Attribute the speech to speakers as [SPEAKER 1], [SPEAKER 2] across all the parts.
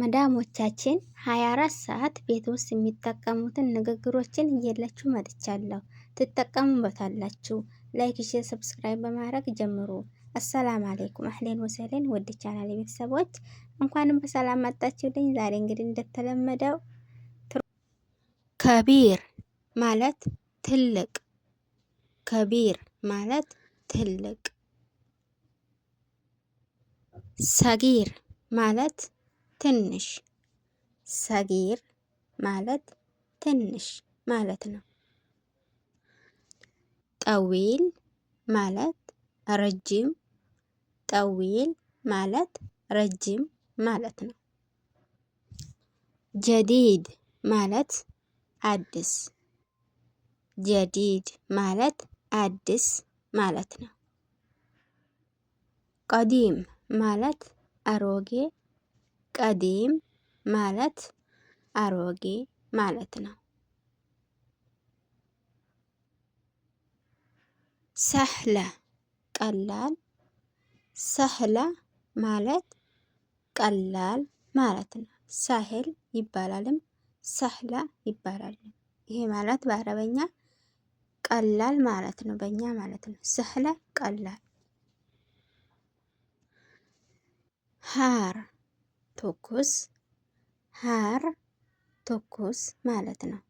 [SPEAKER 1] መዳሞቻችን 24 ሰዓት ቤት ውስጥ የሚጠቀሙትን ንግግሮችን እየላችሁ መጥቻለሁ። ትጠቀሙበታላችሁ። ላይክ፣ ሼር፣ ሰብስክራይብ በማድረግ ጀምሩ። አሰላም አለይኩም አህሌን ወሰሌን ወደ ቻናል ቤተሰቦች እንኳንም በሰላም መጣችሁልኝ። ዛሬ እንግዲህ እንደተለመደው
[SPEAKER 2] ከቢር ማለት ትልቅ፣ ከቢር ማለት ትልቅ፣ ሰጊር ማለት ትንሽ ሰጊር ማለት ትንሽ ማለት ነው። ጠዊል ማለት ረጅም ጠዊል ማለት ረጅም ማለት ነው። ጀዲድ ማለት አዲስ ጀዲድ ማለት አዲስ ማለት ነው። ቀዲም ማለት አሮጌ ቀዲም ማለት አሮጌ ማለት ነው። ሰህለ ቀላል፣ ሰህለ ማለት ቀላል ማለት ነው። ሳህል ይባላልም ሰህለ ይባላልም። ይሄ ማለት በአረበኛ ቀላል ማለት ነው፣ በእኛ ማለት ነው። ሰህለ ቀላል። ሀር ትኩስ ሀር ትኩስ ማለት ነው።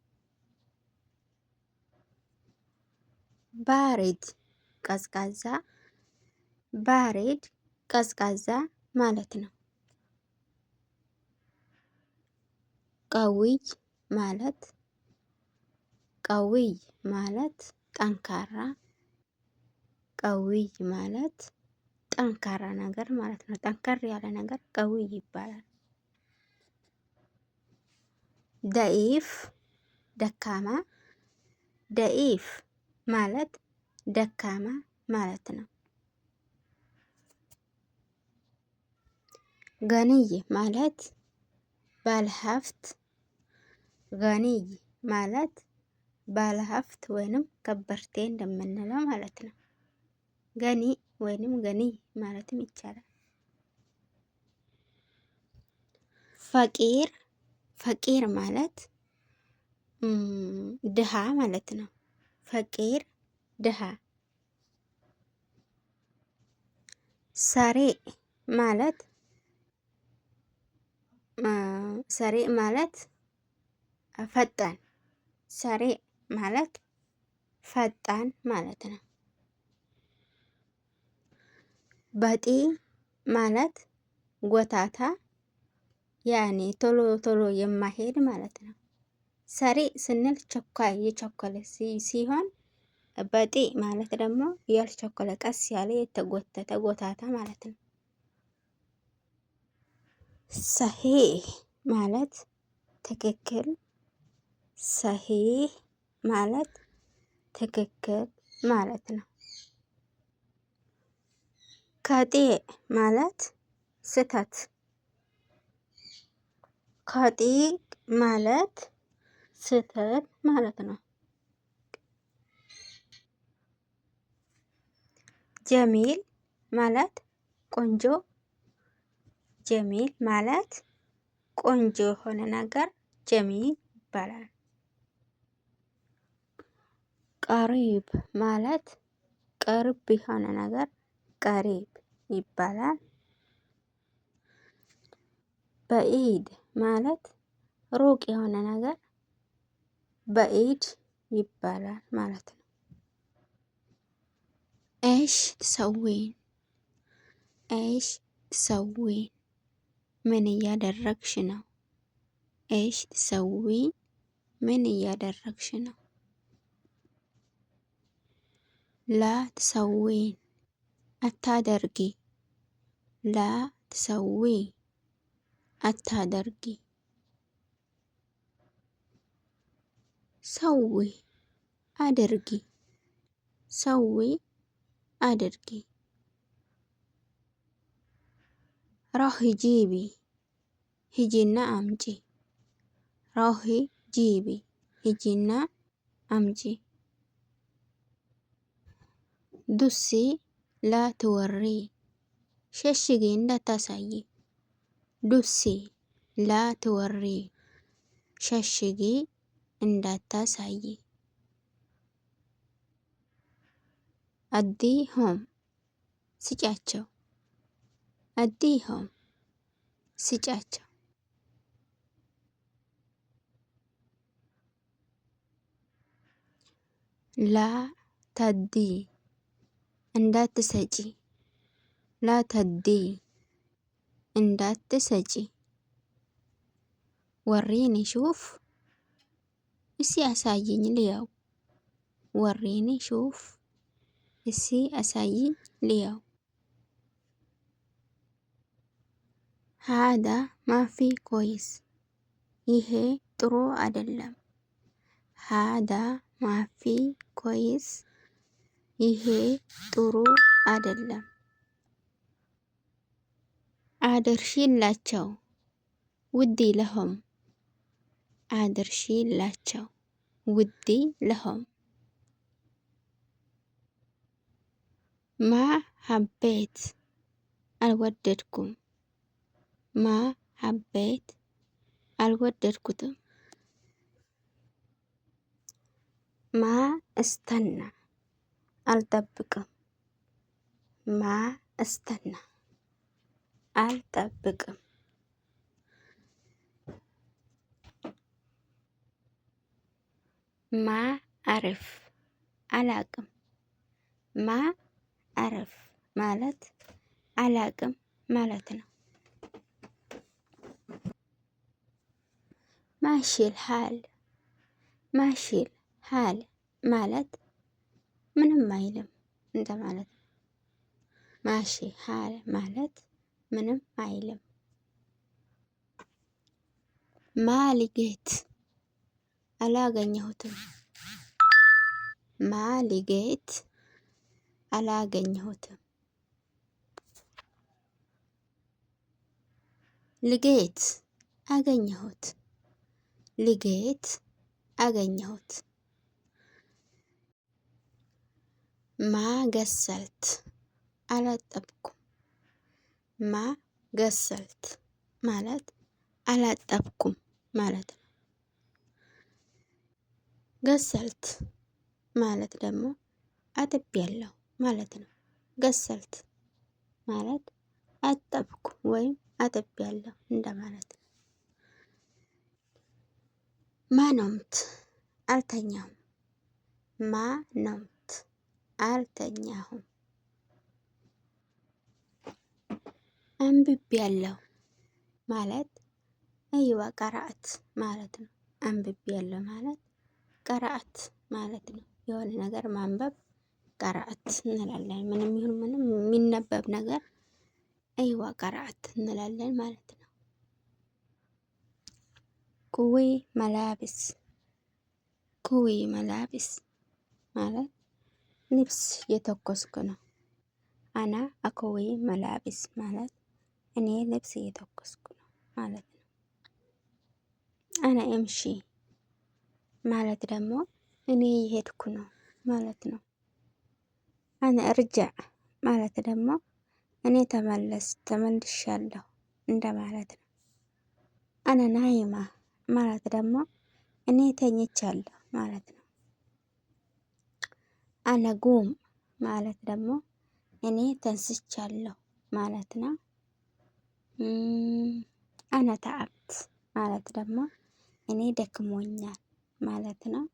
[SPEAKER 2] ባሬድ ቀዝቃዛ ባሬድ ቀዝቃዛ ማለት ነው። ቀዊይ ማለት ቀዊይ ማለት ጠንካራ ቀዊይ ማለት ጠንካራ ነገር ማለት ነው። ጠንከር ያለ ነገር ቀዊ ይባላል። ደኢፍ ደካማ፣ ደኢፍ ማለት ደካማ ማለት ነው። ገንይ ማለት ባለሀብት፣ ገንይ ማለት ባለሀብት ወይንም ከበርቴ እንደምንለው ማለት ነው። ገኒ ወይንም ገኒ ማለትም ይቻላል። ፈቂር ፈቂር ማለት ድሃ ማለት ነው። ፈቂር ድሃ። ሰሬ ማለት ሰሬ ማለት ፈጣን። ሰሬ ማለት ፈጣን ማለት ነው። ባጢ ማለት ጎታታ ያኔ ቶሎ ቶሎ የማሄድ ማለት ነው። ሰሪ ስንል ቸኳይ የቸኮለ ሲሆን በጢ ማለት ደግሞ ያልቸኮለ ቀስ ያለ የተጎተተ ጎታታ ማለት ነው። ሰሂህ ማለት ትክክል፣ ሰሂህ ማለት ትክክል ማለት ነው። ከጤ ማለት ስተት ከጤ ማለት ስተት ማለት ነው። ጀሚል ማለት ቆንጆ ጀሚል ማለት ቆንጆ የሆነ ነገር ጀሚል ይባላል። ቀሪብ ማለት ቅርብ የሆነ ነገር ቀሪብ ይባላል። በኢድ ማለት ሩቅ የሆነ ነገር በኢድ ይባላል ማለት ነው። ኤሽ ትሰዊን ኤሽ ትሰዊን ምን እያደረግሽ ነው? ኤሽ ትሰዊን ምን እያደረግሽ ነው? ላ ትሰዊን አታደርጊ ላ ትሰዊ አታደርጊ ሰዊ አድርጊ ሰዊ አድርጊ ሮሂ ጂቢ ሂጂና አምጪ ሮሂ ጂቢ ሂጂና አምጪ ዱሲ laa"tuwarree, shashshigeenda tasaye, dussee laa "tuwarree, shashshigeenda tasaye, addiihom sicachaw, addiihom sicachaw. laa taddii Indaatti sajii. Laata dhii. Indaatti sajii. Warriiin shuuf isii asaayyii ni leewu. Haadaa maaffii koo'is? Yihee xiruu adalama. Haadaa maaffii koo'is maaffii koo'is? ይሄ ጥሩ አይደለም። አድርሺላቸው ውዲ ለሆም አድርሺላቸው ውዲ ለሆም ማ ሀቤት አልወደድኩም ማ ሀቤት አልወደድኩትም ማ እስተና አልጠብቅም ማ እስተና አልጠብቅም ማ አረፍ አላቅም ማ አረፍ ማለት አላቅም ማለት ነው። ማሽል ሀል ማሽል ሀል ማለት ምንም አይልም እንደማለት ነው። ማሺ ሀል ማለት ምንም አይልም። ማሊጌት አላገኘሁትም። ማሊጌት አላገኘሁትም። ልጌት አገኘሁት። ልጌት አገኘሁት። ማ ገሰልት አላጠብኩም። ማ ገሰልት ማለት አላጠብኩም ማለት ነው። ገሰልት ማለት ደግሞ አጥብ ያለው ማለት ነው። ገሰልት ማለት አጠብኩ ወይም አጥብ ያለው እንደማለት ነው። ማ ነውምት አልተኛም። ማ ነውምት አልተኛሁም። አንብቤያለሁ ማለት እይዋ ቀራአት ማለት ነው። አንብቤያለሁ ማለት ቀራአት ማለት ነው። የሆነ ነገር ማንበብ ቀራአት እንላለን። ምንም ይሁን ምንም የሚነበብ ነገር እይዋ ቀራአት እንላለን ማለት ነው። ኩዌ መላብስ ኩዌ መላብስ ማለት ልብስ እየተኮስኩ ነው። አና አኮዌ መላብስ ማለት እኔ ልብስ እየተኮስኩ ነው ማለት ነው። አና ኤምሺ ማለት ደግሞ እኔ እየሄድኩ ነው ማለት ነው። አና እርጃዕ ማለት ደግሞ እኔ ተመለስ ተመልሻለሁ እንደ ማለት ነው። አና ናይማ ማለት ደግሞ እኔ ተኝቻለሁ ማለት ነው። ነጉም ማለት ደግሞ እኔ ተንስቻለሁ ማለት ነው። አነ ተዓብት ማለት ደግሞ እኔ ደክሞኛል ማለት ነው።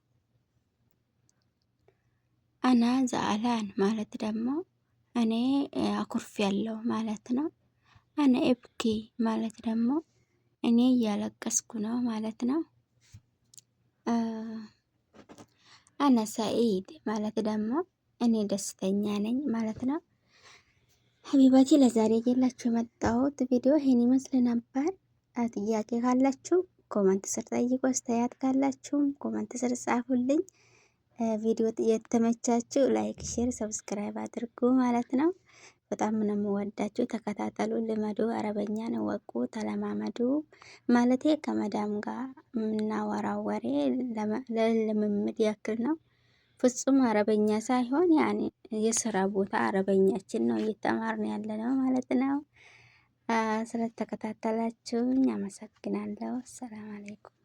[SPEAKER 2] አነ ዘአላን ማለት ደግሞ እኔ አኩርፍ ያለው ማለት ነው። አነ እብኪ ማለት ደግሞ እኔ እያለቀስኩ ነው ማለት ነው። አነ ሰኢድ ማለት ደግሞ እኔ ደስተኛ ነኝ ማለት ነው። ሀቢባቲ ለዛሬ የላችሁ የመጣሁት ቪዲዮ ይህን ይመስል ነበር። ጥያቄ ካላችሁ ኮመንት ስር ጠይቁ፣ አስተያየት ካላችሁም ኮመንት ስር ጻፉልኝ። ቪዲዮ የተመቻችሁ ላይክ፣ ሼር፣ ሰብስክራይብ አድርጉ ማለት ነው። በጣም ነው የምወዳችሁ። ተከታተሉ፣ ልመዱ፣ አረበኛን ወቁ፣ ተለማመዱ። ማለቴ ከመዳም ጋር የምናወራው ወሬ ለልምምድ ያክል ነው። ፍጹም አረበኛ ሳይሆን ያኔ የስራ ቦታ አረበኛችን ነው እየተማርን ያለ ነው ማለት ነው። ስለተከታተላችሁኝ አመሰግናለሁ። ሰላም አለይኩም።